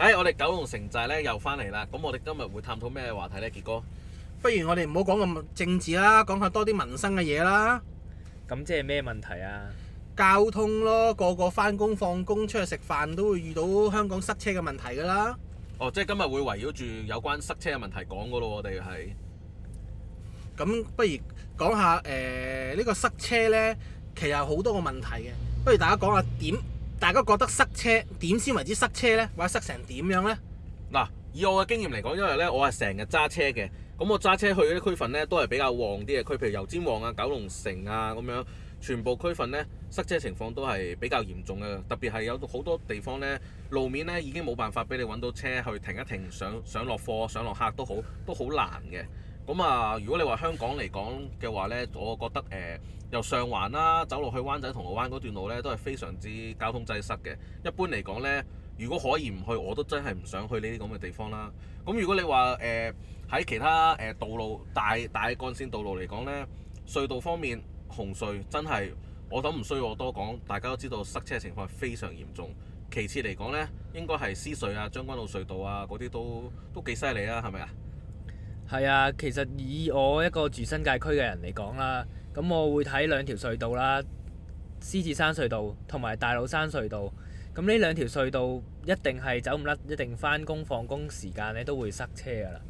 哎，我哋九龍城寨咧又翻嚟啦，咁我哋今日會探討咩話題呢？傑哥，不如我哋唔好講咁政治啦，講下多啲民生嘅嘢啦。咁即係咩問題啊？交通咯，個個翻工放工出去食飯都會遇到香港塞車嘅問題噶啦。哦，即係今日會圍繞住有關塞車嘅問題講噶咯，我哋係。咁，不如講下誒呢個塞車呢，其實好多個問題嘅，不如大家講下點？大家覺得塞車點先為之塞車呢？或者塞成點樣呢？嗱，以我嘅經驗嚟講，因為呢，我係成日揸車嘅，咁我揸車去嗰啲區份呢，都係比較旺啲嘅區，譬如油尖旺啊、九龍城啊咁樣，全部區份呢，塞車情況都係比較嚴重嘅，特別係有好多地方呢，路面呢已經冇辦法俾你揾到車去停一停，上上落貨、上落客都好都好難嘅。咁啊，如果你話香港嚟講嘅話呢，我覺得誒、呃、由上環啦，走落去灣仔銅鑼灣嗰段路呢，都係非常之交通擠塞嘅。一般嚟講呢，如果可以唔去，我都真係唔想去呢啲咁嘅地方啦。咁如果你話誒喺其他誒道路大大幹線道路嚟講呢，隧道方面紅隧真係我諗唔需要我多講，大家都知道塞車情況係非常嚴重。其次嚟講呢，應該係獅隧啊、將軍澳隧道啊嗰啲都都幾犀利啊，係咪啊？係啊，其實以我一個住新界區嘅人嚟講啦，咁我會睇兩條隧道啦，獅子山隧道同埋大老山隧道。咁呢兩條隧道一定係走唔甩，一定返工放工時間咧都會塞車噶啦。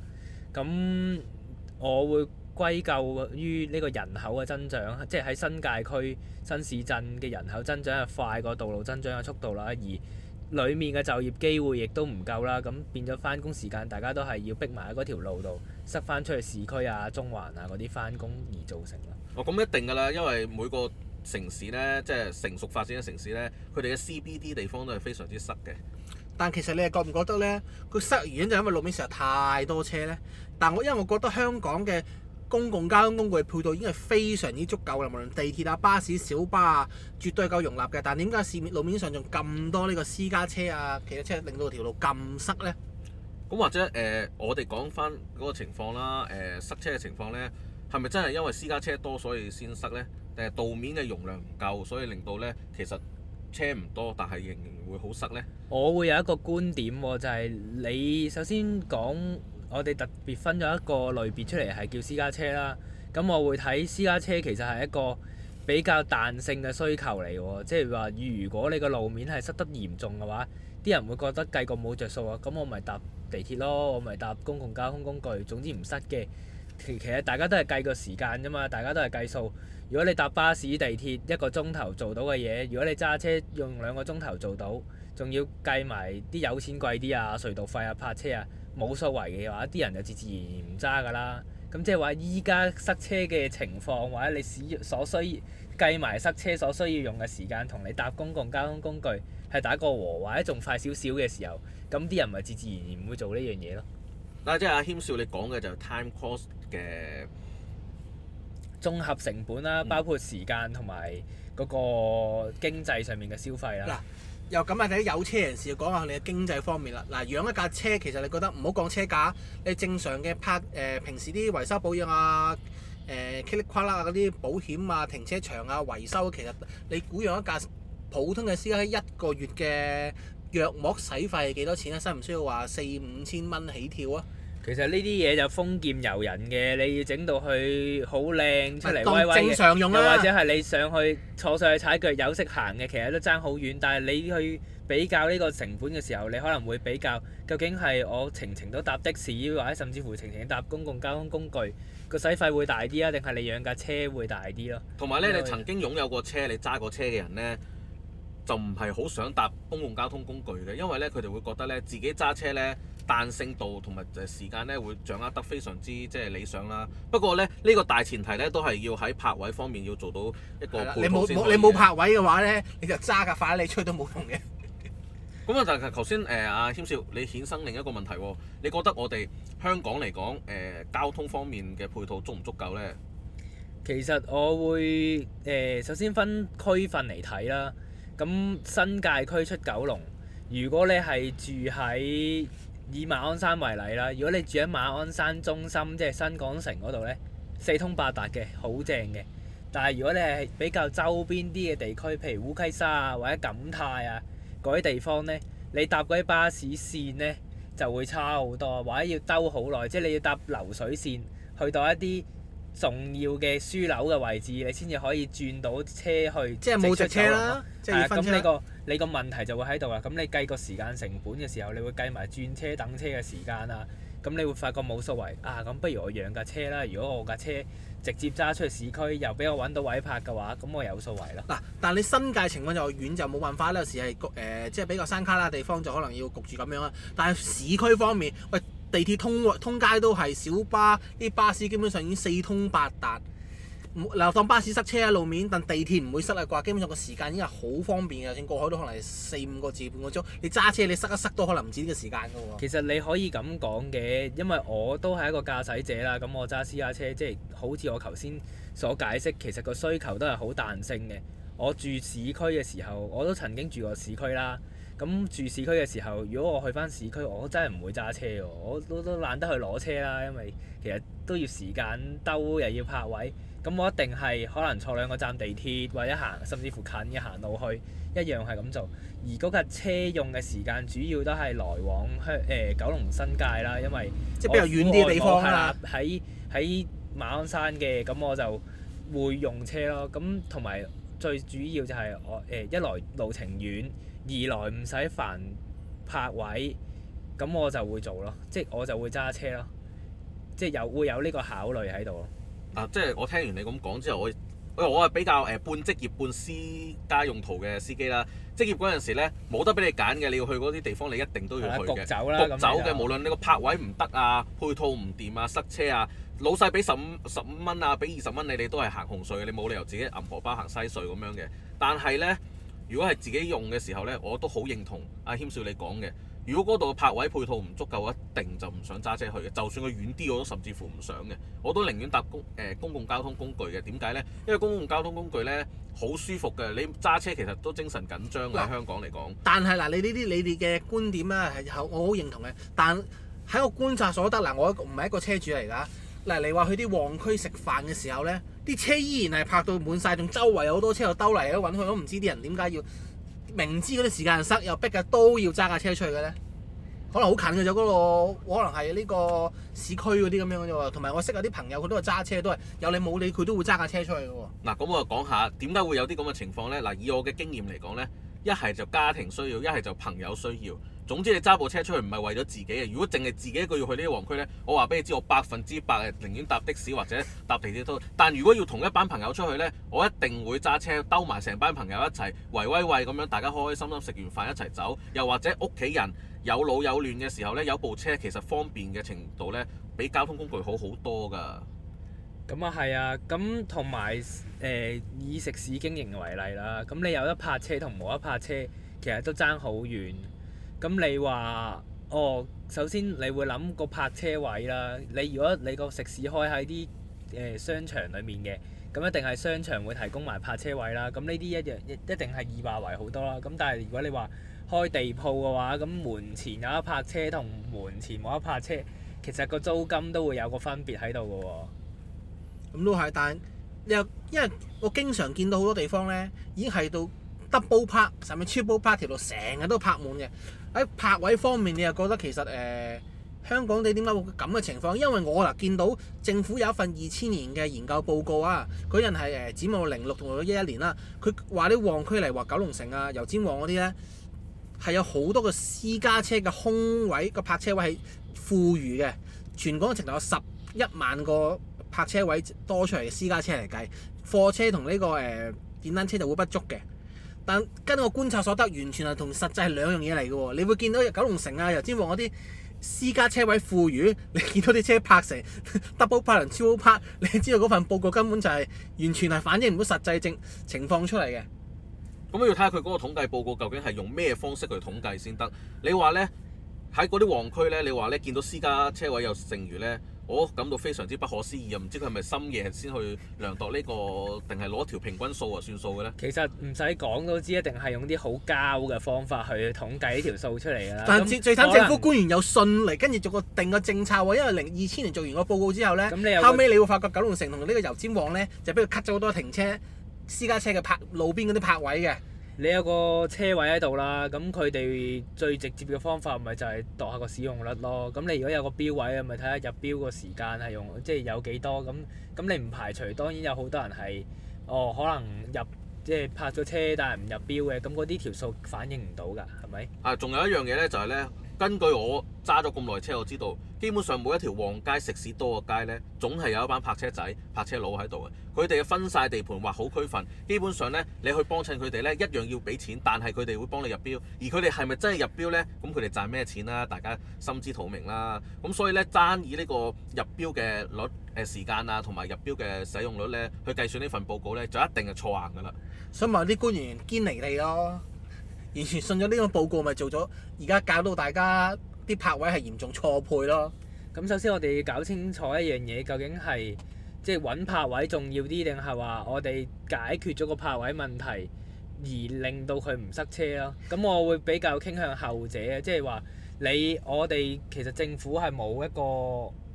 咁我會歸咎於呢個人口嘅增長，即係喺新界區新市鎮嘅人口增長係快過道路增長嘅速度啦，而裡面嘅就業機會亦都唔夠啦，咁變咗返工時間大家都係要逼埋喺嗰條路度。塞返出去市區啊、中環啊嗰啲返工而造成啦。哦，咁一定㗎啦，因為每個城市呢，即係成熟發展嘅城市呢，佢哋嘅 CBD 地方都係非常之塞嘅。但其實你係覺唔覺得呢？佢塞原因就因為路面上太多車呢。但我因為我覺得香港嘅公共交通工具配套已經係非常之足夠啦，無論地鐵啊、巴士、小巴啊，絕對夠容納嘅。但點解市路面上仲咁多呢個私家車啊、其他車，令到條路咁塞呢？咁或者誒、呃，我哋講翻嗰個情況啦。誒、呃、塞車嘅情況呢，係咪真係因為私家車多所以先塞呢？定係路面嘅容量唔夠，所以令到呢其實車唔多，但係仍然會好塞呢？我會有一個觀點喎，就係、是、你首先講我哋特別分咗一個類別出嚟，係叫私家車啦。咁我會睇私家車其實係一個比較彈性嘅需求嚟嘅，即係話如果你個路面係塞得嚴重嘅話，啲人會覺得計過冇着數啊。咁我咪搭。地鐵咯，我咪搭公共交通工具，總之唔塞嘅。其實大家都係計個時間啫嘛，大家都係計數。如果你搭巴士、地鐵一個鐘頭做到嘅嘢，如果你揸車用兩個鐘頭做到，仲要計埋啲油錢貴啲啊、隧道費啊、泊車啊，冇數為嘅話，啲人就自自然然唔揸㗎喇。咁即係話依家塞車嘅情況，或者你使所需計埋塞車所需要用嘅時間，同你搭公共交通工具，係打個和，或者仲快少少嘅時候，咁啲人咪自自然然唔會做呢樣嘢咯。嗱，即係阿謙少你講嘅就 time cost 嘅綜合成本啦，包括時間同埋嗰個經濟上面嘅消費啦。嗱、嗯，又咁啊！啲有車人士又講下你嘅經濟方面啦。嗱，養一架車其實你覺得唔好講車架，你正常嘅 p a 平時啲維修保養啊、誒 k i l 夸啦嗰啲保險啊、停車場啊、維修，其實你估養一架？普通嘅司機一個月嘅藥膜使費係幾多錢啊？需唔需要話四五千蚊起跳啊？其實呢啲嘢就豐儉由人嘅，你要整到佢好靚出嚟威威正常用又或者係你上去坐上去踩腳有識行嘅，其實都爭好遠。但係你去比較呢個成本嘅時候，你可能會比較究竟係我程程都搭的士，或者甚至乎程程搭公共交通工具，個使費會大啲啊，定係你養架車會大啲咯？同埋咧，你曾經擁有過車、你揸過車嘅人咧。就唔係好想搭公共交通工具嘅，因為咧佢哋會覺得咧自己揸車咧彈性度同埋誒時間咧會掌握得非常之即係理想啦。不過咧呢個大前提咧都係要喺泊位方面要做到一個配套先得。你冇你冇泊位嘅話咧，你就揸架快你出去都冇用嘅。咁啊，就係頭先誒阿謙少，你衍生另一個問題喎，你覺得我哋香港嚟講誒交通方面嘅配套足唔足夠咧？其實我會誒首先分區分嚟睇啦。咁新界區出九龍，如果你係住喺以馬鞍山為例啦，如果你住喺馬鞍山中心，即係新港城嗰度呢，四通八達嘅，好正嘅。但係如果你係比較周邊啲嘅地區，譬如烏溪沙啊，或者錦泰啊嗰啲地方呢，你搭嗰啲巴士線呢，就會差好多，或者要兜好耐，即係你要搭流水線去到一啲重要嘅樞紐嘅位置，你先至可以轉到車去。即係冇直車啦，咁呢個你個問題就會喺度啦。咁你計個時間成本嘅時候，你會計埋轉車等車嘅時間啊。咁你會發覺冇數為啊。咁不如我養架車啦。如果我架車直接揸出去市區，又俾我揾到位泊嘅話，咁我有數為咯。嗱，但係你新界情況就遠就冇辦法啦。有時係誒，即、呃、係、就是、比較山卡拉地方就可能要焗住咁樣啦。但係市區方面，喂。地鐵，通通街都係小巴，啲巴士基本上已經四通八達。嗱，當巴士塞車喺路面，但地鐵唔會塞啊啩。基本上個時間已經係好方便嘅，就算過海都可能係四五個字半個鐘。你揸車你塞一塞都可能唔止呢個時間㗎喎。其實你可以咁講嘅，因為我都係一個駕駛者啦。咁我揸私家車，即係好似我頭先所解釋，其實個需求都係好彈性嘅。我住市區嘅時候，我都曾經住過市區啦。咁住市區嘅時候，如果我去返市區，我真係唔會揸車喎，我都都懶得去攞車啦，因為其實都要時間兜，又要泊位。咁我一定係可能坐兩個站地鐵或者行，甚至乎近嘅行路去一樣係咁做。而嗰架車用嘅時間主要都係來往香誒、呃、九龍新界啦，因為即係比較遠啲嘅地方係啦、啊。喺喺馬鞍山嘅咁，我就會用車咯。咁同埋最主要就係我誒、呃、一來路程遠。二來唔使煩泊位，咁我就會做咯，即係我就會揸車咯，即係有會有呢個考慮喺度。啊，即係我聽完你咁講之後，我我我係比較誒半職業半私家用途嘅司機啦。職業嗰陣時咧，冇得俾你揀嘅，你要去嗰啲地方，你一定都要去嘅。走啦，走嘅，無論你個泊位唔得啊，配套唔掂啊，塞車啊，老細俾十五十五蚊啊，俾二十蚊你，你都係行紅隧嘅，你冇理由自己銀河包行西隧咁樣嘅。但係咧。如果係自己用嘅時候呢，我都好認同阿、啊、謙少你講嘅。如果嗰度嘅泊位配套唔足夠，一定就唔想揸車去嘅。就算佢遠啲，我都甚至乎唔想嘅。我都寧願搭公誒、呃、公共交通工具嘅。點解呢？因為公共交通工具呢，好舒服嘅。你揸車其實都精神緊張喺香港嚟講，但係嗱，你呢啲你哋嘅觀點咧係我好認同嘅。但喺我觀察所得嗱，我唔係一個車主嚟噶。嗱，你話去啲旺區食飯嘅時候咧，啲車依然係泊到滿晒，仲周圍好多車又兜嚟啊，揾佢都唔知啲人點解要明知嗰啲時間塞又逼嘅都要揸架車出去嘅咧？可能好近嘅，就、那、嗰個可能係呢個市區嗰啲咁樣嘅喎。同埋我識有啲朋友，佢都係揸車，都係有你冇你，佢都會揸架車出去嘅喎。嗱，咁我講下點解會有啲咁嘅情況咧？嗱，以我嘅經驗嚟講咧，一係就家庭需要，一係就朋友需要。總之，你揸部車出去唔係為咗自己嘅。如果淨係自己一個要去呢個黃區呢，我話俾你知，我百分之百係寧願搭的士或者搭地鐵都好。但如果要同一班朋友出去呢，我一定會揸車兜埋成班朋友一齊，圍威喂咁樣，大家開開心心食完飯一齊走。又或者屋企人有老有嫩嘅時候呢，有部車其實方便嘅程度呢，比交通工具好好多㗎。咁啊係啊，咁同埋誒以食肆經營為例啦。咁你有得泊車同冇得泊車，其實都爭好遠。咁你話哦，首先你會諗個泊車位啦。你如果你個食肆開喺啲誒商場裡面嘅，咁一定係商場會提供埋泊車位啦。咁呢啲一樣一定係易話為好多啦。咁但係如果你話開地鋪嘅話，咁門前有一泊車同門前冇一泊車，其實個租金都會有個分別喺度嘅喎。咁都係，但係你又因為我經常見到好多地方咧，已經係到 double park 甚至 triple park 條路成日都泊滿嘅。喺泊位方面，你又覺得其實誒、呃、香港地點解會咁嘅情況？因為我嗱見到政府有一份二千年嘅研究報告啊，嗰陣係誒展望零六同埋一一年啦，佢話啲旺區嚟話九龍城啊、油尖旺嗰啲呢，係有好多個私家車嘅空位，個泊車位係富裕嘅，全港程度有十一萬個泊車位多出嚟嘅私家車嚟計，貨車同呢、這個誒電、呃、單車就會不足嘅。但根據我觀察所得，完全係同實際係兩樣嘢嚟嘅喎，你會見到九龍城啊、油尖旺嗰啲私家車位富裕，你見到啲車泊成 double 泊、超好泊。你知道嗰份報告根本就係完全係反映唔到實際情情況出嚟嘅。咁要睇下佢嗰個統計報告究竟係用咩方式去統計先得？你話呢喺嗰啲旺區呢？你話呢見到私家車位有剩餘呢？我、哦、感到非常之不可思議啊！唔知佢係咪深夜先去量度呢、呢個，定係攞條平均數啊算數嘅咧？其實唔使講都知，一定係用啲好膠嘅方法去統計呢條數出嚟啦。但是、嗯、最最慘，政府官員有信嚟，跟住做個定個政策喎。因為零二千年做完個報告之後咧，你後尾你會發覺九龍城同呢個油尖旺咧，就俾佢 cut 咗好多停車私家車嘅泊路邊嗰啲泊位嘅。你有個車位喺度啦，咁佢哋最直接嘅方法咪就係度下個使用率咯。咁你如果有個標位啊，咪睇下入標個時間係用即係有幾多。咁咁你唔排除當然有好多人係哦，可能入即係泊咗車但係唔入標嘅。咁嗰啲條數反映唔到㗎，係咪？啊，仲有一樣嘢咧，就係咧。根據我揸咗咁耐車，我知道基本上每一條旺街食肆多嘅街呢，總係有一班泊車仔、泊車佬喺度嘅。佢哋嘅分晒地盤，劃好區分，基本上呢，你去幫襯佢哋呢一樣要俾錢，但係佢哋會幫你入標。而佢哋係咪真係入標呢？咁佢哋賺咩錢啦？大家心知肚明啦。咁所以呢，爭以呢個入標嘅率、誒時間啊，同埋入標嘅使用率呢，去計算呢份報告呢，就一定係錯硬㗎啦。想問啲官員堅離地囉。完全信咗呢個報告，咪做咗而家搞到大家啲泊位係嚴重錯配咯。咁首先我哋要搞清楚一樣嘢，究竟係即係揾泊位重要啲，定係話我哋解決咗個泊位問題而令到佢唔塞車咯？咁我會比較傾向後者，即係話你，我哋其實政府係冇一個，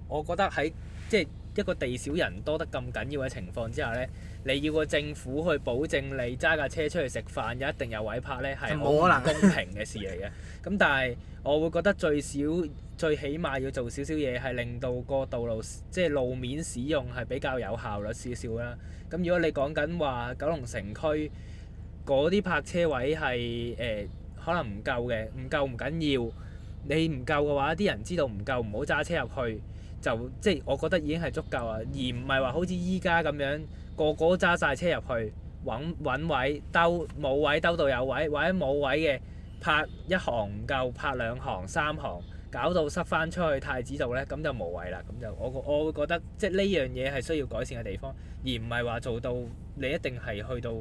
我覺得喺即係。一個地少人多得咁緊要嘅情況之下呢，你要個政府去保證你揸架車出去食飯，有一定有位泊呢，係冇可能公平嘅事嚟嘅。咁 但係我會覺得最少最起碼要做少少嘢，係令到個道路即係路面使用係比較有效率少少啦。咁如果你講緊話九龍城區嗰啲泊車位係誒、呃、可能唔夠嘅，唔夠唔緊要，你唔夠嘅話，啲人知道唔夠，唔好揸車入去。就即係我覺得已經係足夠啊，而唔係話好似依家咁樣個個都揸晒車入去揾，揾位兜，冇位兜到有位，或者冇位嘅拍一行唔夠，拍兩行三行，搞到塞翻出去太子道咧，咁就無謂啦。咁就我我會覺得即係呢樣嘢係需要改善嘅地方，而唔係話做到你一定係去到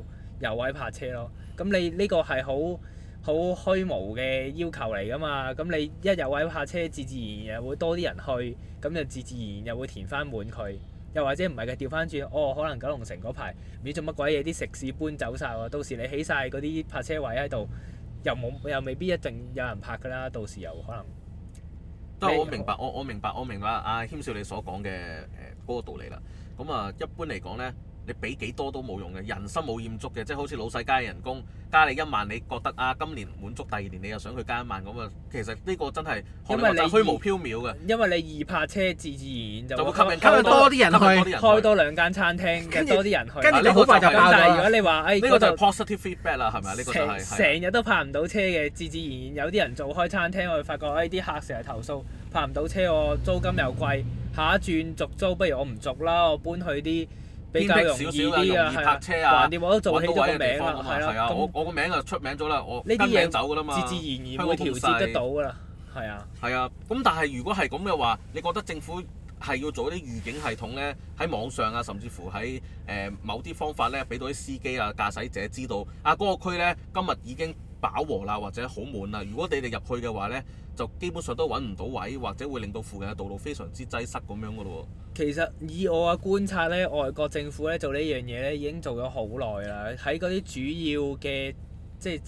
有位泊車咯。咁你呢個係好，好虛無嘅要求嚟噶嘛？咁你一有位泊車，自自然然又會多啲人去，咁就自自然然又會填翻滿佢。又或者唔係嘅，調翻轉哦，可能九龍城嗰排唔知做乜鬼嘢，啲食肆搬走晒喎、啊。到時你起晒嗰啲泊車位喺度，又冇又未必一定有人泊㗎啦。到時又可能。我明白，我我明白，我明白阿謙、啊、少你所講嘅誒嗰個道理啦。咁啊，一般嚟講呢。你俾幾多都冇用嘅，人心冇厭足嘅，即係好似老細加人工，加你一萬，你覺得啊，今年滿足，第二年你又想去加一萬咁啊，其實呢個真係因為你虛無縹緲嘅，因為你易泊車，自自然然就會吸引多啲人去開多兩間餐廳，多啲人去。跟住跟，跟好快入，但係如果你話，哎，呢個就係 positive feedback 啦，係咪？呢個係成成日都泊唔到車嘅，自自然然有啲人做開餐廳，我發覺哎啲客成日投訴泊唔到車，我租金又貴，下一轉續租不如我唔續啦，我搬去啲。比較容易啲的啊，容易泊車啊，搵到位嘅地方嘅問題啊！我我個名就出名咗啦，我跟名走㗎啦嘛，自、自然而佢會調節得到㗎啦，係啊。係啊，咁但係如果係咁嘅話，你覺得政府係要做啲預警系統咧？喺網上啊，甚至乎喺誒、呃、某啲方法咧，俾到啲司機啊、駕駛者知道啊，嗰、那個區咧今日已經。飽和啦，或者好滿啦。如果你哋入去嘅話呢，就基本上都揾唔到位，或者會令到附近嘅道路非常之擠塞咁樣嘅喎。其實以我嘅觀察呢，外國政府呢做呢樣嘢呢已經做咗好耐啦。喺嗰啲主要嘅即係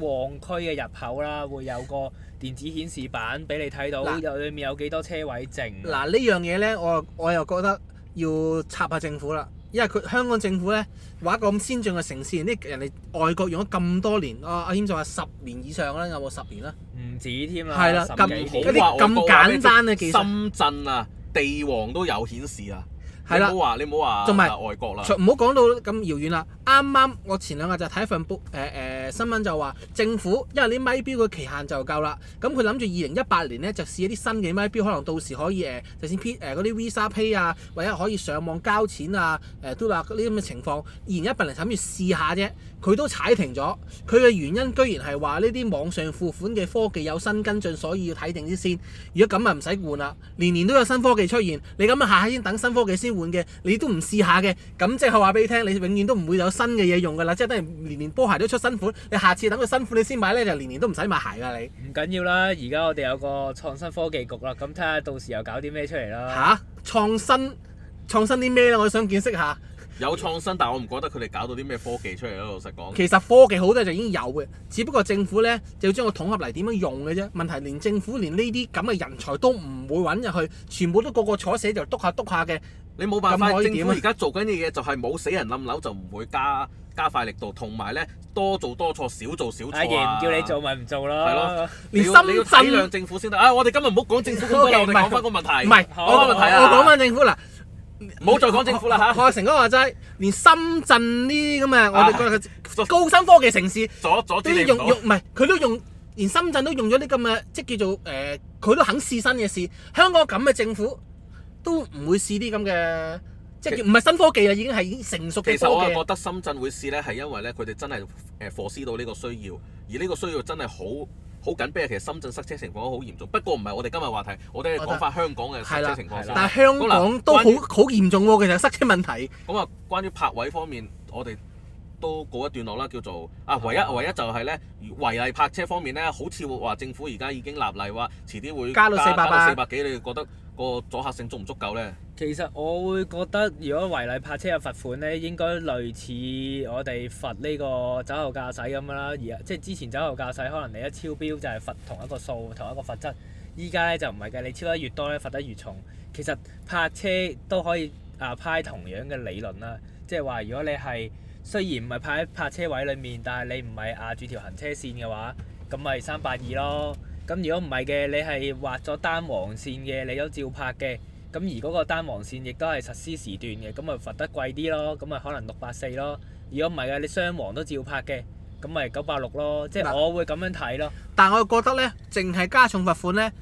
旺區嘅入口啦，會有個電子顯示板俾你睇到，入裏面有幾多車位剩。嗱，呢樣嘢呢，我我又覺得要插下政府啦。因為佢香港政府咧，話一個咁先進嘅城市，啲人哋外國用咗咁多年，啊、哦，阿謙仲話十年以上啦，有冇十年啦？唔止添啊！係啦，咁啲咁簡單嘅技術。深圳啊，地王都有顯示啊！係啦，你唔好話，你唔好話，仲埋外國啦，唔好講到咁遙遠啦。啱啱我前兩日就睇一份報，誒、呃呃、新聞就話政府因為啲米標嘅期限就夠啦，咁佢諗住二零一八年咧就試一啲新嘅米標，可能到時可以誒、呃，就先 P 誒、呃、啲 Visa Pay 啊，或者可以上網交錢啊，誒都話呢啲咁嘅情況，二零一八年就諗住試下啫。佢都踩停咗，佢嘅原因居然係話呢啲網上付款嘅科技有新跟進，所以要睇定啲先。如果咁咪唔使換啦，年年都有新科技出現，你咁啊下下先等新科技先換嘅，你都唔試下嘅，咁即係話俾你聽，你永遠都唔會有新嘅嘢用噶啦，即係等於年年波鞋都出新款，你下次等佢新款你先買呢，就年年都唔使買鞋噶你。唔緊要啦，而家我哋有個創新科技局啦，咁睇下到時又搞啲咩出嚟啦。嚇、啊！創新創新啲咩呢？我想見識下。有創新，但我唔覺得佢哋搞到啲咩科技出嚟咯。老實講，其實科技好多就已經有嘅，只不過政府咧就要將個統合嚟點樣用嘅啫。問題連政府連呢啲咁嘅人才都唔會揾入去，全部都個個坐死就篤下篤下嘅。你冇辦法點啊？政府而家做緊嘅嘢就係冇死人冧樓就唔會加加快力度，同埋咧多做多錯，少做少錯爺，唔叫你做咪唔做咯，係咯。你要體諒政府先得啊！我哋今日唔好講政府科技，我哋講翻個問題。唔係，我講翻政府啦。唔好再講政府啦吓，我阿成哥話齋，連深圳呢咁嘅，我哋講高新科技城市，啊、阻阻住你用用唔係，佢都用，連深圳都用咗啲咁嘅，即係叫做誒，佢、呃、都肯試新嘅事。香港咁嘅政府都唔會試啲咁嘅，即係唔係新科技啊，已經係成熟嘅科技。其實我係覺得深圳會試咧，係因為咧，佢哋真係誒，focus 到呢個需要，而呢個需要真係好。好緊迫啊！其實深圳塞車情況都好嚴重，不過唔係我哋今日話題，我哋講翻香港嘅塞車情況先。但係香港都好好嚴重喎、啊，其實塞車問題。咁啊，關於泊位方面，我哋都告一段落啦，叫做啊，唯一唯一就係咧違例泊車方面咧，好似話政府而家已經立例話，遲啲會加，加到四百八、四百幾，你覺得個阻嚇性足唔足夠呢？其實我會覺得，如果違例泊車嘅罰款呢，應該類似我哋罰呢個酒後駕駛咁樣啦。而即係之前酒後駕駛，可能你一超標就係罰同一個數、同一個罰則。依家呢就唔係嘅，你超得越多呢罰得越重。其實泊車都可以啊派同樣嘅理論啦，即係話如果你係雖然唔係派喺泊車位裏面，但係你唔係壓住條行車線嘅話，咁咪三百二咯。咁如果唔係嘅，你係劃咗單黃線嘅，你都照拍嘅。咁而嗰個單黃線亦都係實施時段嘅，咁咪罰得貴啲咯。咁咪可能六百四咯。如果唔係嘅，你雙黃都照拍嘅，咁咪九百六咯。即係我會咁樣睇咯。但係我覺得呢，淨係加重罰款呢，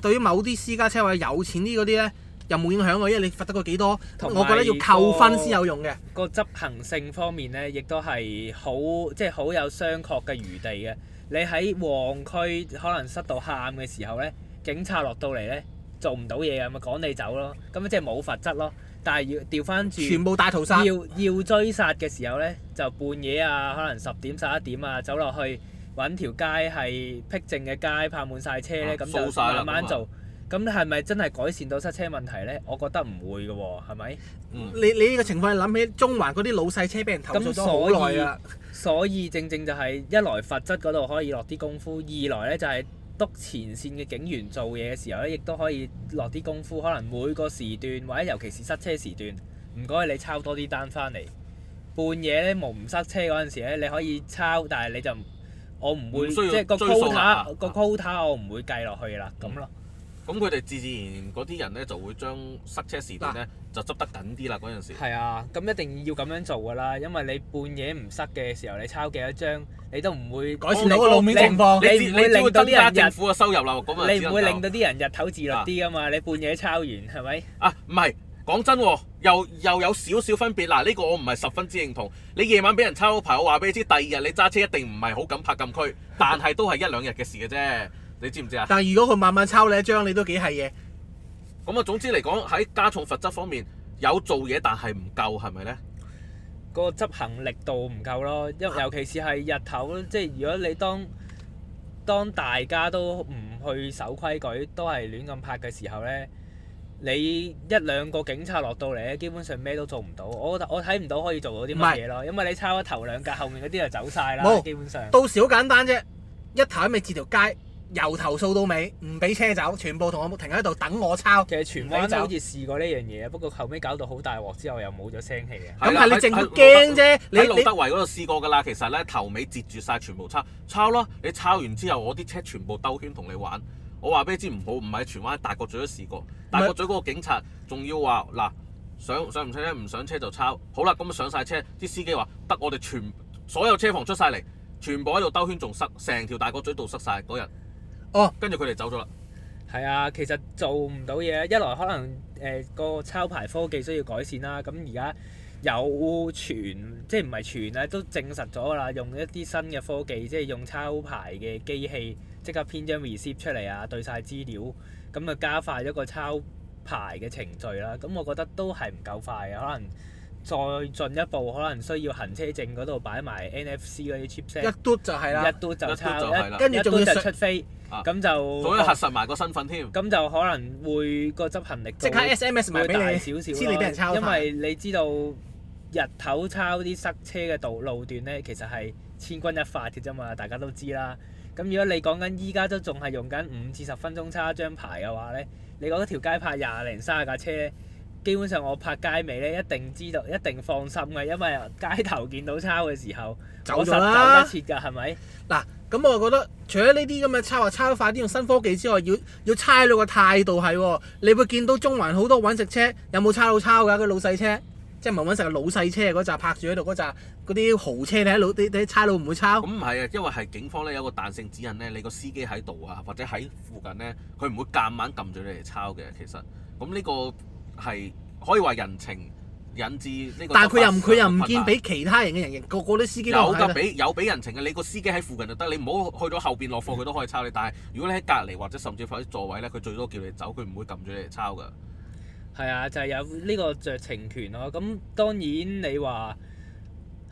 對於某啲私家車或者有錢啲嗰啲呢，又冇影響。因為你罰得過幾多，那個、我覺得要扣分先有用嘅。個執行性方面呢，亦都係好即係、就是、好有商榷嘅餘地嘅。你喺旺區可能塞到喊嘅時候咧，警察落到嚟咧做唔到嘢啊，咪趕你走咯。咁即係冇罰則咯。但係要調翻轉，全部大逃殺，要要追殺嘅時候咧，就半夜啊，可能十點十一點啊，走落去揾條街係僻靜嘅街，泊滿晒車咧，咁、啊、就慢慢做、啊。咁你係咪真係改善到塞車問題呢？我覺得唔會嘅喎、哦，係咪、嗯？你你呢個情況諗起中環嗰啲老細車俾人偷咗好耐啦。所以正正就係一來罰則嗰度可以落啲功夫，二來呢就係、是、督前線嘅警員做嘢嘅時候呢，亦都可以落啲功夫。可能每個時段或者尤其是塞車時段，唔該你抄多啲單翻嚟。半夜咧冇唔塞車嗰陣時咧，你可以抄，但係你就我唔會即係、個 quota、啊、個 quota 我唔會計落去啦，咁、嗯、咯。咁佢哋自自然嗰啲人咧就會將塞車時段咧就執得緊啲啦，嗰陣時。係啊，咁一定要咁樣做㗎啦，因為你半夜唔塞嘅時候，你抄幾多張，你都唔會改善你個路面情況。你會你令到啲人政府嘅收入啦，咁啊。你唔會令到啲人日頭自律啲啊嘛，啊你半夜抄完係咪？啊，唔係，講真喎，又又有少少分別嗱，呢、呢個我唔係十分之認同。你夜晚俾人抄牌，我話俾你知，第二日你揸車一定唔係好敢拍禁區，但係都係一兩日嘅事嘅啫。 你知唔知啊？但係如果佢慢慢抄你一張，你都幾係嘢。咁啊，總之嚟講喺加重罰則方面有做嘢，但係唔夠係咪咧？個執行力度唔夠咯，因尤其是係日頭，即係如果你當當大家都唔去守規矩，都係亂咁拍嘅時候咧，你一兩個警察落到嚟咧，基本上咩都做唔到。我我睇唔到可以做到啲乜嘢咯，因為你抄咗頭兩格，後面嗰啲就走曬啦，基本上。到時好簡單啫，一睇咪截條街。由頭掃到尾，唔俾車走，全部同我停喺度等我抄。嘅。其實荃灣都好似試過呢樣嘢，不過後尾搞到好大鑊之後又冇咗聲氣嘅。咁係的你淨係驚啫。你喺路德圍嗰度試過㗎啦。你你其實咧頭尾截住晒，全部抄抄咯。你抄完之後，我啲車全部兜圈同你玩。我話俾你知唔好，唔係荃灣大角咀都試過。大角咀嗰個警察仲要話嗱，上上唔上車咧，唔上車就抄。好啦，咁上晒車，啲司機話得我，我哋全所有車房出晒嚟，全部喺度兜圈，仲塞成條大角咀道塞晒。」嗰日。哦、oh，跟住佢哋走咗啦。係啊，其實做唔到嘢，一來可能誒個、呃、抄牌科技需要改善啦。咁而家有傳，即係唔係傳啊，都證實咗啦。用一啲新嘅科技，即係用抄牌嘅機器，即刻編張 receipt 出嚟啊，對晒資料，咁啊加快咗個抄牌嘅程序啦。咁我覺得都係唔夠快嘅，可能。再進一步，可能需要行車證嗰度擺埋 NFC 嗰啲 chipset，一篤就係啦，一篤就抄，跟住仲就出飛，咁、啊、就仲要核實埋個身份添。咁、哦、就可能會個執行力即刻 SMS 會大少少，先你俾人抄牌。因為你知道日頭抄啲塞車嘅道路段咧，其實係千鈞一髮嘅啫嘛，大家都知啦。咁如果你講緊依家都仲係用緊五至十分鐘抄一張牌嘅話咧，你講條街泊廿零卅架車。基本上我拍街尾咧，一定知道，一定放心嘅，因為街頭見到抄嘅時候，啊、我實走得切㗎，係咪？嗱、啊，咁我就覺得除咗呢啲咁嘅抄啊，抄得快啲用新科技之外，要要差佬嘅態度係喎。你會見到中環好多揾食車，有冇差佬抄㗎？嗰、那個、老細車，即係冇揾食嘅老細車嗰紮拍住喺度嗰扎，嗰啲豪車你喺老啲啲差佬唔會抄？咁唔係啊，因為係警方咧有個彈性指引咧，你個司機喺度啊，或者喺附近咧，佢唔會夾硬撳住你嚟抄嘅。其實咁呢、這個。係可以話人情引致呢個，但係佢又佢又唔見俾其他人嘅人情，個個啲司機都怪怪有噶，俾有俾人情嘅，你個司機喺附近就得，你唔好去到後邊落貨，佢都可以抄你。但係如果你喺隔籬或者甚至乎喺座位咧，佢最多叫你走，佢唔會撳住你嚟抄噶。係啊，就係、是、有呢個酌情權咯、啊。咁當然你話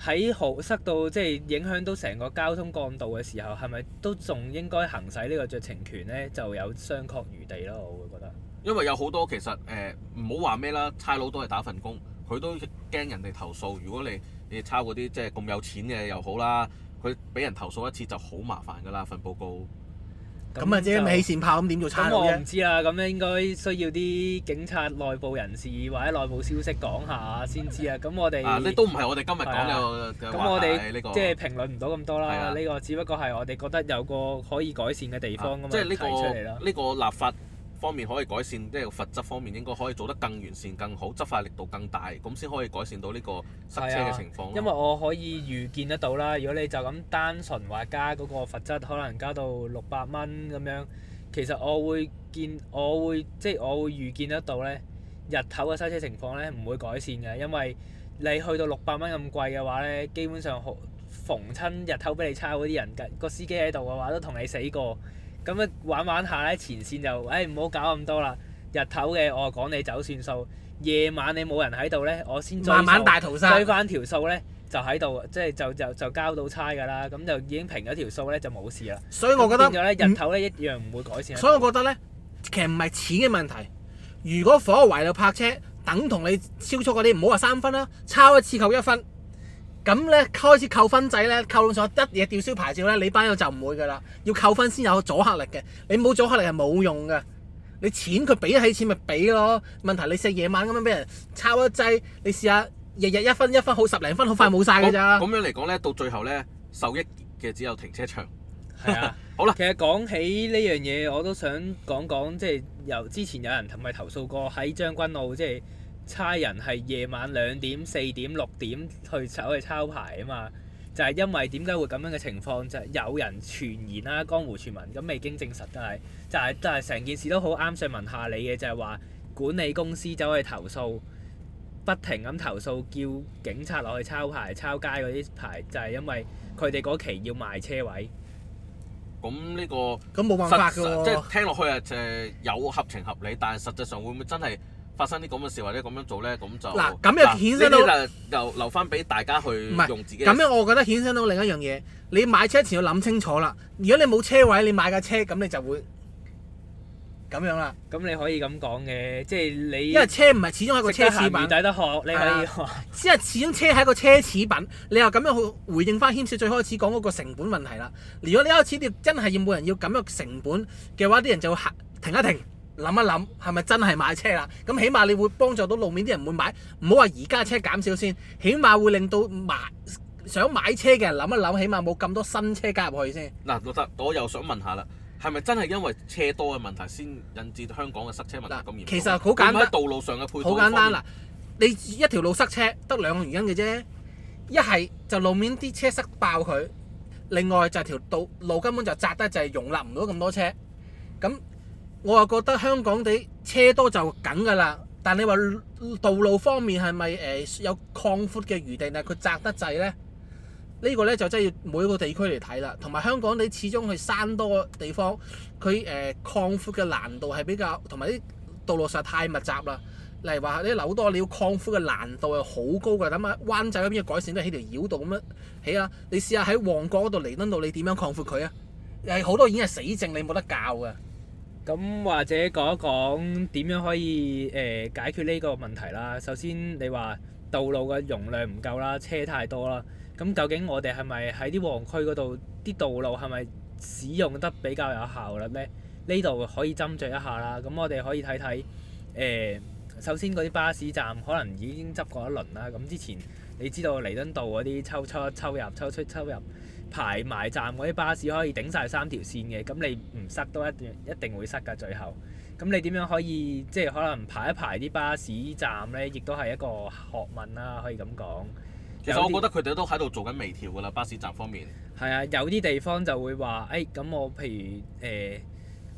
喺好塞到即係影響到成個交通幹道嘅時候，係咪都仲應該行使呢個酌情權咧？就有商榷餘地咯，我會覺得。因為有好多其實誒唔好話咩啦，差佬都係打份工，佢都驚人哋投訴。如果你你抄嗰啲即係咁有錢嘅又好啦，佢俾人投訴一次就好麻煩噶啦份報告。咁啊，即係起線炮咁點做差佬，我唔知啦，咁應該需要啲警察內部人士或者內部消息講下先知啊。咁我哋啊，都唔係我哋今日講嘅。咁我哋呢個即係評論唔到咁多啦。呢個只不過係我哋覺得有個可以改善嘅地方咁啊。即係呢個呢個立法方面可以改善，即係個罰則方面應該可以做得更完善、更好，執法力度更大，咁先可以改善到呢個塞車嘅情況。因為，我可以預見得到啦，如果你就咁單純話加嗰個罰則，可能加到六百蚊咁樣，其實我會見我會即係、就是、我會預見得到咧，日頭嘅塞車情況咧唔會改善嘅，因為你去到六百蚊咁貴嘅話咧，基本上逢親日頭俾你抄嗰啲人，個司機喺度嘅話都同你死過。咁樣玩玩下咧，前線就誒唔好搞咁多啦。日頭嘅我講你走算數，夜晚你冇人喺度咧，我先慢慢大逃殺追翻條數咧，就喺度即係就就就，就交到差㗎啦。咁就已經平咗條數咧，就冇事啦。所以我覺得變咗呢日頭咧、嗯、一樣唔會改善。所以我覺得咧，其實唔係錢嘅問題。如果火圍到泊車，等同你超速嗰啲，唔好話三分啦、啊，抄一次扣一分。咁咧開始扣分制咧，扣到咗一嘢吊銷牌照咧，你班友就唔會噶啦。要扣分先有阻嚇力嘅，你冇阻嚇力係冇用噶。你錢佢俾得起錢咪俾咯。問題你食夜晚咁樣俾人抄一劑，你試下日日一分一分好，十零分好快冇晒噶咋。咁樣嚟講咧，到最後咧，受益嘅只有停車場。係 啊， 好啦。其實講起呢樣嘢，我都想講講，即係由之前有人同我哋投訴過喺將軍澳，即係。差人係夜晚兩點、四點、六點去走去抄牌啊嘛，就係因為點解會咁樣嘅情況？就係有人傳言啦，江湖傳聞咁，未經證實都係，就係就係成件事都好啱想問下你嘅，就係話管理公司走去投訴，不停咁投訴叫警察落去抄牌、抄街嗰啲牌，就係因為佢哋嗰期要賣車位。咁呢個咁冇辦法嘅喎，即係聽落去誒就有合情合理，但係實際上會唔會真係？發生啲咁嘅事或者咁樣做咧，咁就嗱咁又衍生到又留翻俾大家去用自己。咁樣我覺得衍生到另一樣嘢，你買車前要諗清楚啦。如果你冇車位，你買架車，咁你就會咁樣啦。咁你可以咁講嘅，即係你因為車唔係始終係一個奢侈品，抵得學你可以。即係、啊、 始終車係一個奢侈品，你又咁樣去回應翻，牽涉最開始講嗰個成本問題啦。如果你開始要真係要冇人要咁樣成本嘅話，啲人就停一停。諗一諗，係咪真係買車啦？咁起碼你會幫助到路面啲人會買，唔好話而家車減少先，起碼會令到買想買車嘅人諗一諗，起碼冇咁多新車加入去先。嗱、啊，老竇我又想問，問下啦，係咪真係因為車多嘅問題先引致香港嘅塞車問題咁嚴？其實好簡單，道路上嘅配套好簡單啦。你一條路塞車，得兩個原因嘅啫。一係就路面啲車塞爆佢，另外就係條道路根本就窄得就係容納唔到咁多車。咁我又覺得香港地車多就緊噶啦，但你話道路方面係咪誒有擴闊嘅餘地咧？但佢窄得滯呢？呢、這個呢，就真、是、係每一個地區嚟睇啦。同埋香港你始終去山多嘅地方，佢誒、呃、擴闊嘅難度係比較同埋啲道路實在太密集啦。例如話你樓多，你要擴闊嘅難度係好高嘅。諗下灣仔嗰邊嘅改善都係起條繞道咁樣起啦。你試下喺旺角嗰度彌敦道，你點樣擴闊佢啊？好多已經係死症，你冇得教嘅。咁或者講一講點樣可以誒、呃、解決呢個問題啦？首先你話道路嘅容量唔夠啦，車太多啦。咁究竟我哋係咪喺啲旺區嗰度啲道路係咪使用得比較有效率呢？呢度可以斟酌一下啦。咁我哋可以睇睇誒。首先嗰啲巴士站可能已經執過一輪啦。咁之前你知道彌敦道嗰啲抽出抽入抽出抽入。抽抽抽入排埋站嗰啲巴士可以頂晒三條線嘅，咁你唔塞都一定一定會塞㗎最後。咁你點樣可以即係可能排一排啲巴士站呢，亦都係一個學問啦、啊，可以咁講。其實我覺得佢哋都喺度做緊微調㗎啦，巴士站方面。係啊，有啲地方就會話，誒、哎，咁我譬如誒、呃，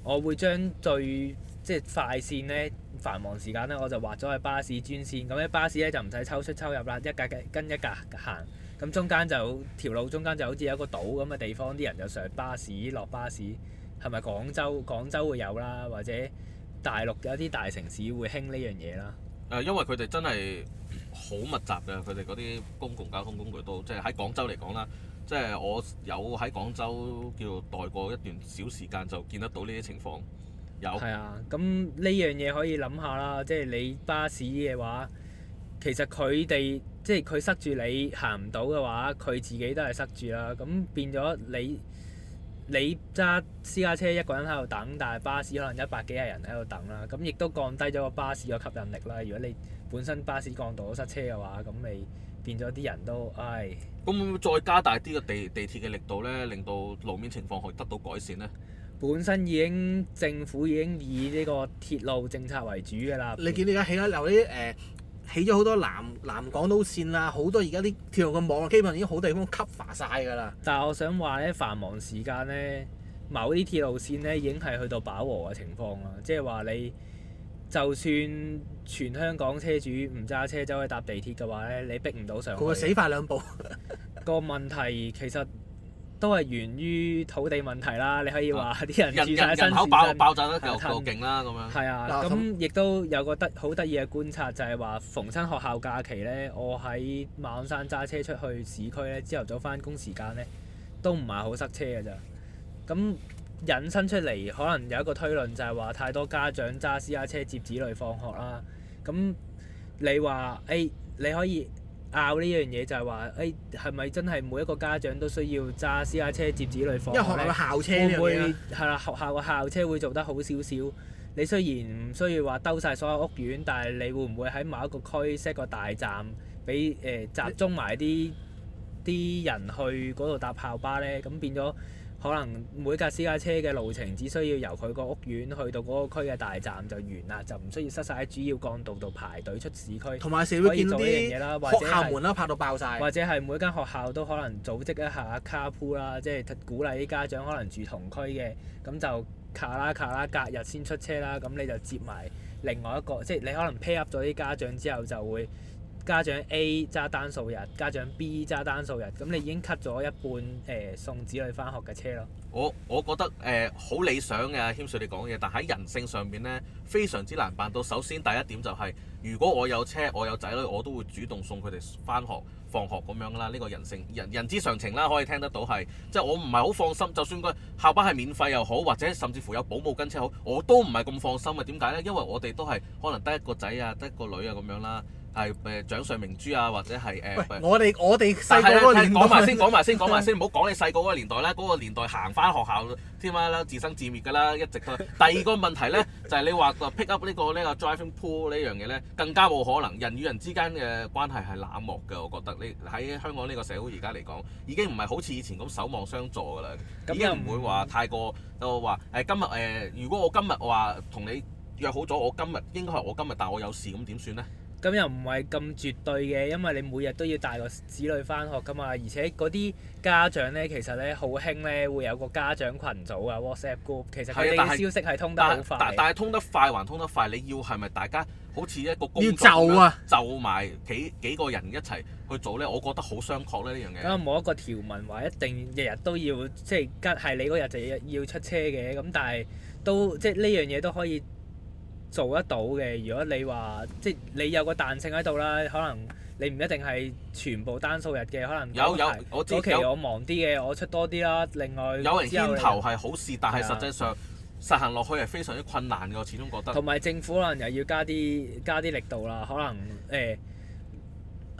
我會將最即係快線呢，繁忙時間呢，我就劃咗去巴士專線，咁啲巴士呢，就唔使抽出抽入啦，一格跟一格行。咁中間就條路中間就好似有一個島咁嘅地方，啲人就上巴士落巴士，係咪廣州廣州會有啦？或者大陸有啲大城市會興呢樣嘢啦？誒，因為佢哋真係好密集㗎，佢哋嗰啲公共交通工具都即係喺廣州嚟講啦，即係我有喺廣州叫做待過一段小時間就見得到呢啲情況有。係啊，咁呢樣嘢可以諗下啦，即係你巴士嘅話，其實佢哋。即係佢塞住你行唔到嘅話，佢自己都係塞住啦。咁變咗你，你揸私家車一個人喺度等，但係巴士可能一百幾廿人喺度等啦。咁亦都降低咗個巴士嘅吸引力啦。如果你本身巴士降度都塞車嘅話，咁你變咗啲人都唉。咁會唔會再加大啲個地地鐵嘅力度咧，令到路面情況可以得到改善咧？本身已經政府已經以呢個鐵路政策為主㗎啦。你見你而家起緊有啲誒？呃起咗好多南南港島線啦，啊，好多而家啲鐵路嘅網絡基本上已經好地方 cover 曬㗎啦。但係我想話咧，繁忙時間咧，某啲鐵路線咧已經係去到飽和嘅情況啦，即係話你就算全香港車主唔揸車走去搭地鐵嘅話咧，你逼唔到上去。佢會死快亡兩步。 個問題其實～都係源於土地問題啦，你可以話啲人住曬新市鎮，人口爆爆炸得夠夠勁啦咁樣。係啊，咁亦都有個得好得意嘅觀察，就係話逢親學校假期呢，我喺馬鞍山揸車出去市區呢，朝頭早返工時間呢，都唔係好塞車嘅咋。咁引申出嚟，可能有一個推論，就係話太多家長揸私家車接子女放學啦。咁你話，欸，你可以？拗呢樣嘢就係話，誒係咪真係每一個家長都需要揸私家車接子女放學？因為學校嘅校車嘅，會唔會係啦？學校嘅校車會做得好少少。你雖然唔需要話兜晒所有屋苑，但係你會唔會喺某一個區 set 個大站，俾誒、呃、集中埋啲啲人去嗰度搭校巴呢？咁變咗。可能每架私家車嘅路程只需要由佢個屋苑去到嗰個區嘅大站就完啦，就唔需要塞晒喺主要幹道度排隊出市區。同埋可以做呢樣嘢啦，或者學校門啊，拍到爆晒，或者係每間學校都可能組織一下 carpool 啦，即係鼓勵啲家長可能住同區嘅，咁就卡啦卡啦，隔日先出車啦。咁你就接埋另外一個，即係你可能 pair up 咗啲家長之後就會。家長 A 揸單數日，家長 B 揸單數日，咁你已經 cut 咗一半誒送子女返學嘅車咯。我我覺得誒好、呃、理想嘅，軒帥你講嘢，但喺人性上面呢，非常之難辦到。首先第一點就係、是，如果我有車，我有仔女，我都會主動送佢哋返學、放學咁樣啦。呢、這個人性，人人之常情啦，可以聽得到係。即、就、係、是、我唔係好放心，就算個校巴係免費又好，或者甚至乎有保姆跟車好，我都唔係咁放心啊。點解呢？因為我哋都係可能得一個仔啊，得一個女啊咁樣啦。係誒掌上明珠啊，或者係誒。我哋我哋細個嗰個年代。講埋先，講埋先，講埋先，唔好講你細個嗰個年代啦。嗰個年代行翻學校添啦，自生自滅㗎啦，一直都。第二個問題咧， 就係你話 pick up 呢個呢個 driving pool 呢樣嘢咧，更加冇可能。人與人之間嘅關係係冷漠嘅，我覺得。你喺香港呢個社會而家嚟講，已經唔係好似以前咁守望相助㗎啦。這樣 已經唔會話太過就話誒今日誒、呃，如果我今日話同你約好咗，我今日應該係我今日，但我有事，咁點算咧？咁又唔係咁絕對嘅，因為你每日都要帶個子女返學噶嘛，而且嗰啲家長咧其實咧好興咧，會有個家長群組啊 WhatsApp group，其實佢啲消息係通得好快但。但係通得快還通得快，你要係咪大家好似一個工作咁樣、啊、就埋幾幾個人一齊去做咧？我覺得好商榷咧呢樣嘢。咁冇一個條文話一定日日都要即係吉係你嗰日就要，要出車嘅，咁但係都即係呢樣嘢都可以。做得到嘅，如果你話即係你有個彈性喺度啦，可能你唔一定係全部單數日嘅，可能有，有，嗰期我忙啲嘅有，我出多啲啦。另外有人牽頭係好事，但係實際上的實行落去係非常之困難嘅，我始終覺得。同埋政府可能又要加啲加啲力度啦，可能誒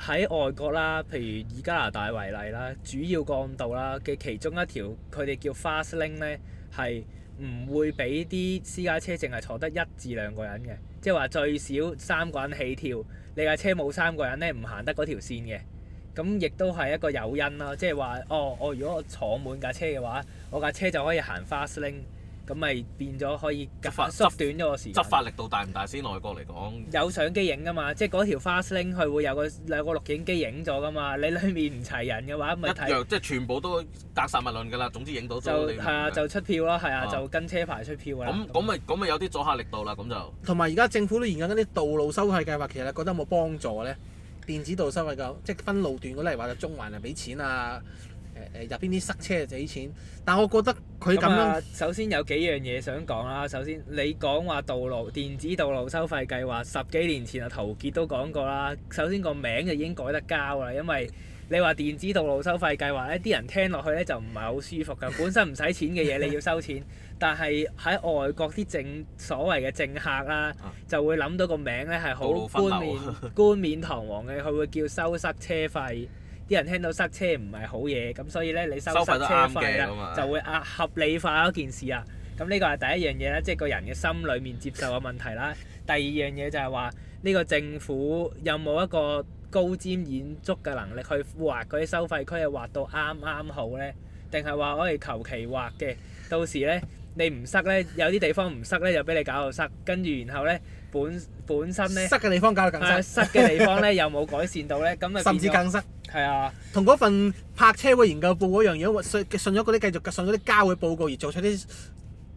喺、呃、外國啦，譬如以加拿大為例啦，主要幹道啦嘅其中一條，佢哋叫 fast link 咧係。唔會俾啲私家車淨係坐得一至兩個人嘅，即係話最少三個人起跳，你架車冇三個人咧，唔行得嗰條線嘅。咁亦都係一個誘因啦，即係話哦，我如果我坐滿架車嘅話，我架車就可以行 fastlane。咁咪變咗可以縮短咗個時間。執法力度大唔大先？外國嚟講。有相機影㗎嘛？即係嗰條花車，佢會有個有個錄影機影咗㗎嘛？你裡面唔齊人嘅話，咪一弱看即係全部都格殺勿論㗎啦。總之影到就係啊，就出票咯，係啊，就跟車牌出票啦。咁咁咪咁咪有啲阻嚇力度啦，咁就。同埋而家政府都研究緊啲道路收費計劃，其實你覺得有冇幫助咧？電子道路收費夠，即係分路段嗰啲，例如話中環啊，俾錢啊。入邊啲塞車就俾錢，但我覺得佢咁樣首先有幾樣嘢想講啦。首先，你講話道路電子道路收費計劃十幾年前啊，陶傑都講過啦。首先個名就已經改得交啦，因為你話電子道路收費計劃咧，啲人聽落去呢就唔係好舒服㗎。本身唔使錢嘅嘢 你要收錢，但係喺外國啲政所謂嘅政客啦， 就會諗到個名呢係好冠冕冠冕堂皇嘅，佢會叫收塞車費。啲人聽到塞車唔係好嘢，咁所以咧你收塞車收費啦，就會啊合理化一件事啊。咁呢個係第一樣嘢啦，即、就、係、是、個人嘅心裏面接受嘅問題啦。 第二樣嘢就係話呢個政府有冇一個高瞻遠矚嘅能力去劃嗰啲收費區剛剛，劃到啱啱好咧？定係話可以求其劃嘅？到時咧你唔塞咧，有啲地方唔塞咧，就俾你搞到塞，跟住然後咧。本本身咧，塞嘅地方搞到更塞，嗯，塞嘅地方咧有冇改善到咧？咁啊， 甚至更塞。係啊，同嗰份泊車會研究報一樣嘢，信信咗嗰啲繼續信咗啲交會報告而做出啲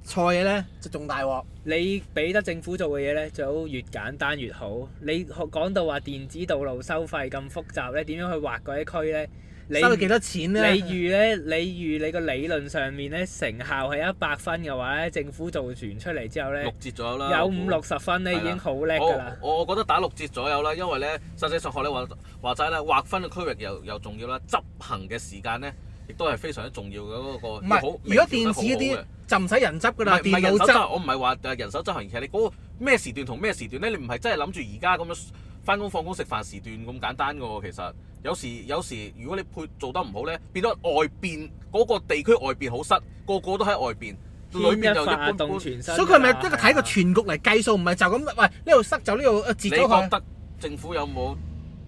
錯嘢咧，就仲大鑊。你俾得政府做嘅嘢咧，最好越簡單越好。你講到話電子道路收費咁複雜咧，點樣去劃嗰啲區咧？你收到幾多錢咧、啊？你預咧？你預你個理論上面咧成效係一百分嘅話咧，政府做傳出嚟之後咧，六折左右啦，猜有五六十分咧的已經好叻㗎啦。我我覺得打六折左右啦，因為咧實際上學你話話齋啦，劃分嘅區域又又重要啦，執行嘅時間咧亦都係非常之重要嘅嗰、那個。唔係是，好好如果電子嗰啲就唔使人執㗎啦。唔係是人手執，我唔係話人手執行，其實你嗰、那個咩時段同咩時段咧？你唔係真係諗住而家咁樣返工放工食飯時段咁簡單㗎喎，其實。有時有時，如果你配做得唔好咧，變咗外邊嗰個地區外邊好塞，個個都喺外邊，裏面就一般般。所以佢咪一個睇個全局嚟計數，唔係的就咁喂，呢度塞就呢度截咗佢。你覺得政府有冇？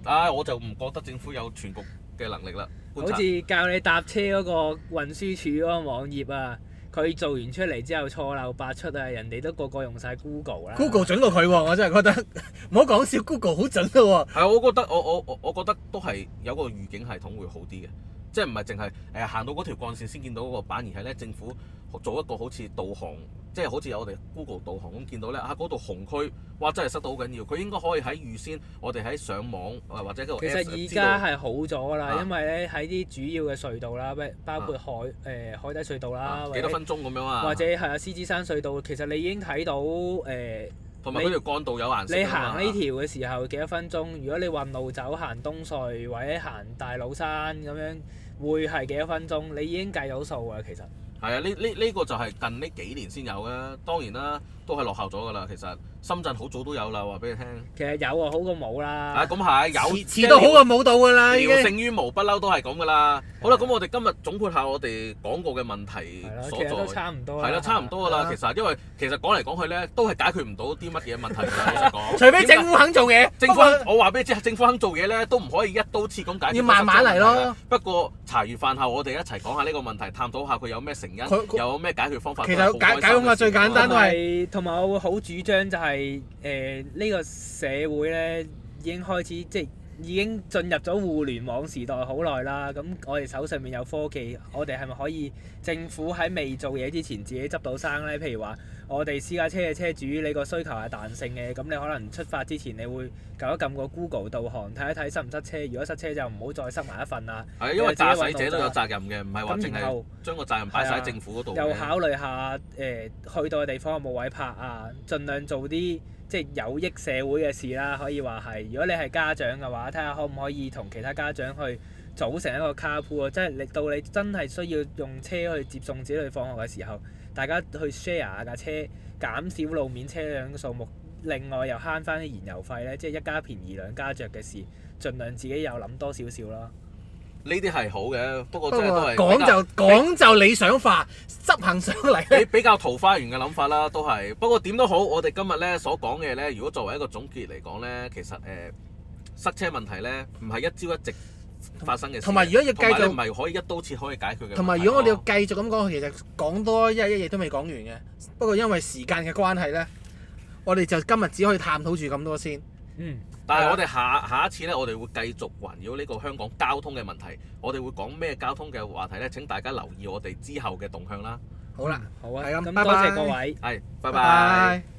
啊、嗯哎，我就唔覺得政府有全局嘅能力啦。好似教你搭車嗰個運輸署嗰個網頁啊。佢做完出嚟之後錯漏百出啊！人哋都個個用晒 Google 啦，Google 準過佢喎，我真係覺得唔好講笑，笑，Google 好準咯喎。係啊，我覺得我我我覺得都係有個預警系統會好啲嘅。即係唔係淨係誒行到嗰條幹線先見到嗰個板，而係咧政府做一個好似導航，即係好似有我哋 Google 導航咁見到咧啊嗰度紅區，哇真係塞到好緊要！佢應該可以喺預先，我哋喺上網或者嗰個 Apps 知道。其實而家係好咗啦，啊、因為咧喺啲主要嘅隧道啦，包括海誒、啊、海底隧道啦，幾多分鐘咁樣啊？或者係啊，獅子山隧道，其實你已經睇到誒。呃嗰條幹道有限時？你你行呢條嘅時候幾多分鐘？如果你運路走行東隧或者行大老山咁樣，會係幾多分鐘？你已經計到數㗎啦，其實。係啊，呢呢呢個就係近呢幾年先有嘅，當然啦，都係落後咗㗎啦，其實。深圳好早都有啦，我話俾你聽。其實有啊，好過冇啦。啊，咁係有遲遲到好過冇到㗎啦。聊勝於無，不嬲都係咁㗎啦。好啦，咁我哋今日總括下我哋講過嘅問題所在。其實差唔多。係啦，差唔多㗎啦。其實因為其實講嚟講去咧，都係解決唔到啲乜嘢問題㗎。老實講。除非政府肯做嘢。政府，我話俾你知，政府肯做嘢咧，都唔可以一刀切咁解決。要慢慢嚟咯。不過茶餘飯後，我哋一齊講下呢個問題，探討下佢有咩成因，有咩解決方法。其實解解決嘅最簡單都係，同埋我會好主張就係。係誒呢個社會咧已經開始，即係已經進入咗互聯網時代好耐啦。咁、嗯、我哋手上面有科技，我哋係咪可以政府喺未做嘢之前自己執到生咧？譬如話。我哋私家車嘅車主，你個需求係彈性嘅，咁你可能出發之前，你會撳一撳個 Google 導航睇一睇塞唔塞車，如果塞車就唔好再塞埋一份啦。因為駕駛者都有責任嘅，唔係話淨係將個責任擺晒政府嗰度、啊、又考慮下誒、呃、去到嘅地方有冇位泊啊，盡量做啲即係有益社會嘅事啦。可以話係，如果你係家長嘅話，睇下可唔可以同其他家長去組成一個 carpool 啊。即係你到你真係需要用車去接送子女放學嘅時候。大家去 share 架車，減少路面車輛數目。另外又慳返啲燃油費咧，即係一家便宜兩家着嘅事。盡量自己又諗多少少咯。呢啲係好嘅，不過講就講就,就理想化，你執行上嚟咧。比比較桃花源嘅諗法啦，都係。不過點都好，我哋今日咧所講嘅咧，如果作為一個總結嚟講咧，其實誒、呃、塞車問題咧，唔係一朝一夕。發生嘅，同埋如果要繼續，同埋唔係可以一刀切可以解決嘅。同埋如果我哋要繼續咁講，哦、其實講多一日一夜都未講完嘅。不過因為時間嘅關係咧，我哋就今日只可以探討住咁多先。嗯，但係我哋下的下一次咧，我哋會繼續圍繞呢個香港交通嘅問題。我哋會講咩交通嘅話題咧？請大家留意我哋之後嘅動向啦。好啦、嗯，好啊，係咁，多謝各位，係，拜拜。拜拜。